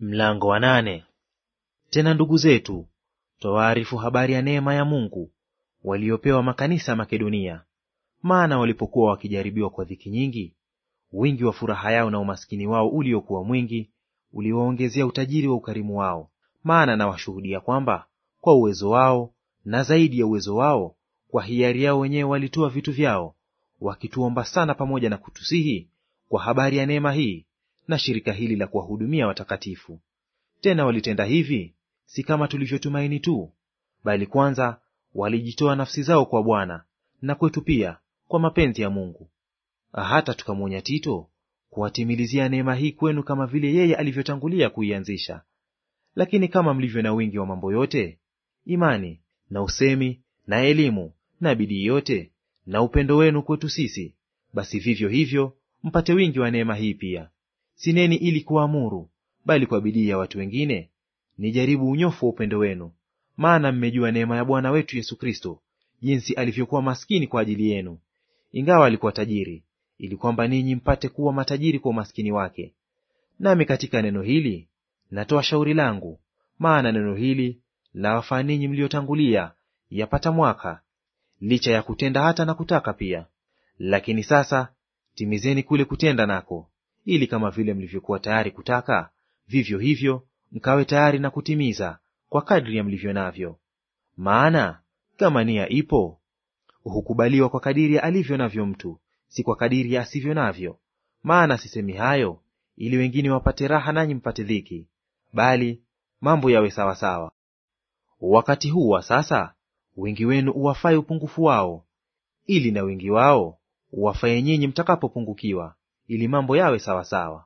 Mlango wa nane. Tena ndugu zetu twawaarifu habari ya neema ya Mungu waliopewa makanisa ya Makedonia. Maana walipokuwa wakijaribiwa kwa dhiki nyingi, wingi wa furaha yao na umaskini wao uliokuwa mwingi uliwaongezea utajiri wa ukarimu wao. Maana nawashuhudia kwamba kwa uwezo wao na zaidi ya uwezo wao, kwa hiari yao wenyewe walitoa vitu vyao, wakituomba sana pamoja na kutusihi kwa habari ya neema hii na shirika hili la kuwahudumia watakatifu. Tena walitenda hivi si kama tulivyotumaini tu, bali kwanza walijitoa nafsi zao kwa Bwana na kwetu pia kwa mapenzi ya Mungu. Hata tukamwonya Tito kuwatimilizia neema hii kwenu kama vile yeye alivyotangulia kuianzisha. Lakini kama mlivyo na wingi wa mambo yote, imani na usemi na elimu na bidii yote na upendo wenu kwetu sisi, basi vivyo hivyo mpate wingi wa neema hii pia sineni ili kuamuru, bali kwa bidii ya watu wengine nijaribu unyofu wa upendo wenu. Maana mmejua neema ya Bwana wetu Yesu Kristo, jinsi alivyokuwa maskini kwa ajili yenu, ingawa alikuwa tajiri, ili kwamba ninyi mpate kuwa matajiri kwa umaskini wake. Nami katika neno hili natoa shauri langu, maana neno hili lawafaa ninyi mliotangulia yapata mwaka, licha ya kutenda hata na kutaka pia. Lakini sasa timizeni kule kutenda nako ili kama vile mlivyokuwa tayari kutaka, vivyo hivyo mkawe tayari na kutimiza kwa kadri ya mlivyo navyo. Maana kama nia ipo, hukubaliwa kwa kadiri ya alivyo navyo mtu, si kwa kadiri ya asivyo navyo. Maana sisemi hayo ili wengine wapate raha nanyi mpate dhiki, bali mambo yawe sawasawa. Wakati huu wa sasa wingi wenu uwafaye upungufu wao, ili na wingi wao uwafaye nyinyi mtakapopungukiwa ili mambo yawe sawasawa.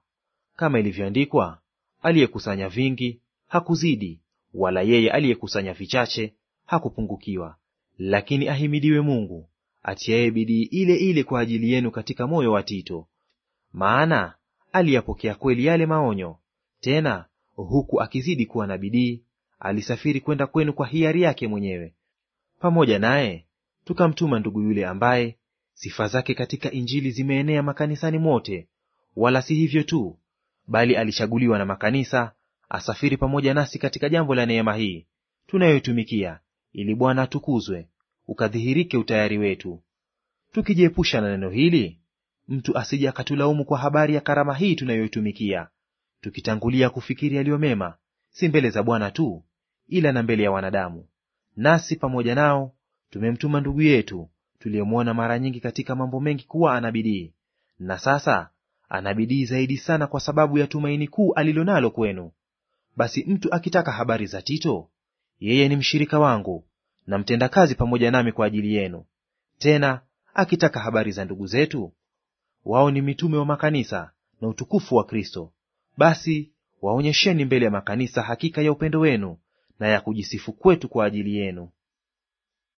Kama ilivyoandikwa, aliyekusanya vingi hakuzidi, wala yeye aliyekusanya vichache hakupungukiwa. Lakini ahimidiwe Mungu atiaye bidii ile ile kwa ajili yenu katika moyo wa Tito, maana aliyapokea kweli yale maonyo, tena huku akizidi kuwa na bidii alisafiri kwenda kwenu kwa hiari yake mwenyewe. Pamoja naye tukamtuma ndugu yule ambaye Sifa zake katika Injili zimeenea makanisani mote wala si hivyo tu, bali alichaguliwa na makanisa asafiri pamoja nasi katika jambo la neema hii tunayoitumikia, ili Bwana atukuzwe, ukadhihirike utayari wetu. Tukijiepusha na neno hili, mtu asije akatulaumu kwa habari ya karama hii tunayoitumikia, tukitangulia kufikiri yaliyo mema, si mbele za Bwana tu, ila na mbele ya wanadamu. Nasi pamoja nao tumemtuma ndugu yetu tuliyemwona mara nyingi katika mambo mengi kuwa ana bidii, na sasa ana bidii zaidi sana kwa sababu ya tumaini kuu alilonalo kwenu. Basi mtu akitaka habari za Tito, yeye ni mshirika wangu na mtendakazi pamoja nami kwa ajili yenu. Tena akitaka habari za ndugu zetu, wao ni mitume wa makanisa na utukufu wa Kristo. Basi waonyesheni mbele ya makanisa hakika ya upendo wenu na ya kujisifu kwetu kwa ajili yenu.